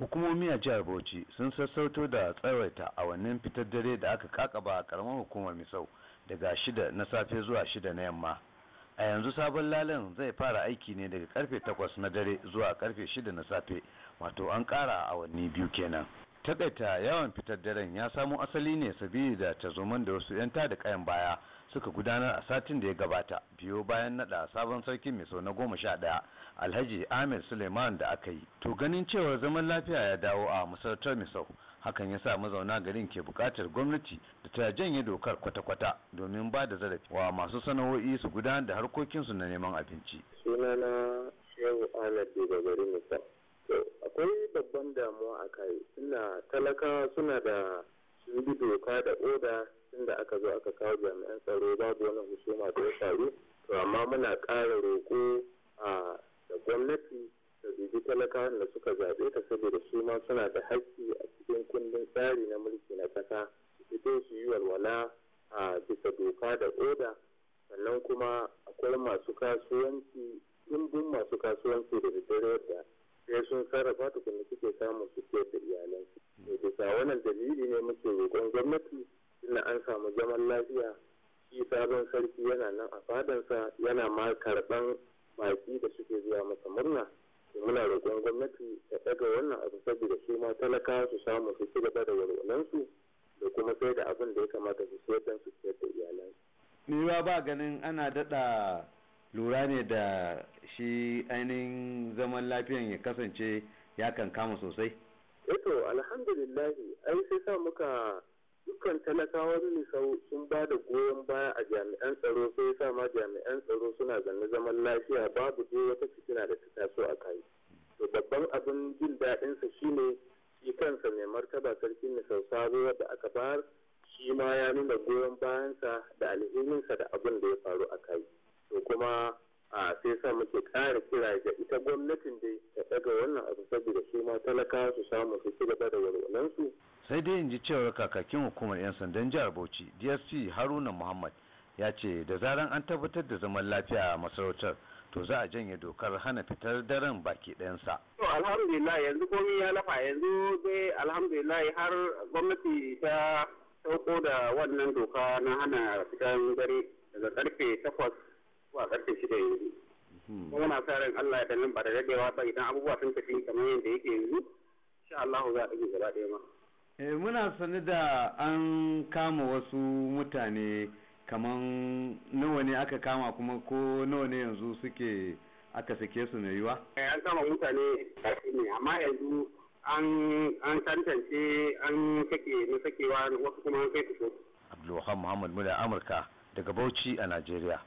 hukumomi a jihar bauchi sun sassauto da tsawaita awannin fitar dare da aka kakaba a karamar hukumar misau daga shida na safe zuwa shida na yamma a yanzu sabon lalin zai fara aiki ne daga karfe takwas na dare zuwa karfe shida na safe wato an kara awanni biyu kenan taƙaita yawan fitar daren ya samo asali ne sabili da tazoman da wasu 'yan da kayan baya suka gudanar a satin da ya gabata biyo bayan naɗa sabon sarki mai sau na goma sha ɗaya alhaji ahmed suleiman da aka yi to ganin cewa zaman lafiya ya dawo a masarautar misau hakan ya sa mazauna garin ke buƙatar gwamnati da ta janye dokar kwata-kwata domin ba da zarafi wa masu sana'o'i su gudanar da harkokinsu na neman abinci sunana shehu ahmed daga garin misau akwai babban damuwa a kai suna talaka suna da sun bi doka da oda tunda aka zo aka kawo jami'an tsaro babu wani husuma da ya faru to amma muna ƙara roƙo a da gwamnati da bibi talaka da suka zaɓe ta saboda su ma suna da haƙƙi a cikin kundin tsari na mulki na ƙasa su fito su yi walwala a bisa doka da oda sannan kuma akwai masu kasuwanci dimbin masu kasuwanci da daddare da sai sun sarrafa tukunna suke samun su da iyalansu to sa wannan dalili ne muke roƙon gwamnati tunda an samu zaman lafiya shi sabon sarki yana nan a fadansa yana ma karɓan baki da suke zuwa masa murna muna roƙon gwamnati ta ɗaga wannan abu saboda su ma talaka su samu su ci gaba da su da kuma sai da abin da ya kamata su siyar don su siyar da iyalansu. Ni ba ganin ana daɗa lura ne da shi ainihin zaman lafiyan ya kasance ya kan kama sosai? Eto alhamdulillahi ai sai sa muka dukkan talakawan nisau sun ba da goyon baya a jami'an tsaro sai sa ma jami'an tsaro suna zanne zaman lafiya babu je wata fitina da ta taso a kai. To babban abin jin daɗinsa shine shi kansa mai martaba sarkin nisau sabuwar da aka bayar shi ma ya nuna goyon bayansa da alhininsa da abin da ya faru a kai. to kuma a sai sa muke ƙara kira ga ita gwamnatin dai ta daga wannan abu saboda su ma talakawa su samu su ci gaba da walwalansu. sai dai in ji cewar kakakin hukumar 'yan sandan jihar bauchi dsc haruna muhammad ya ce da zaran an tabbatar da zaman lafiya a masarautar to za a janye dokar hana fitar daren baki ɗayansa. to alhamdulillah yanzu komai ya lafa yanzu dai alhamdulillah har gwamnati ta sauko da wannan doka na hana fitar dare daga karfe takwas zuwa karfe shida yanzu hmm. kuma muna sa ran Allah ya dalilin ba da daɗewa ba idan abubuwa sun tafi kamar yadda yake yanzu Sha Allah za a ɗage gaba ɗaya ma eh muna sani da an kama wasu mutane kaman nawa ne aka kama kuma ko nawa ne yanzu suke aka sake su na yiwa? Eh, an kama mutane ne amma yanzu an tantance an sake na sakewa wasu kuma an kai su Abdulwahab Muhammad muna Amurka daga Bauchi a Najeriya.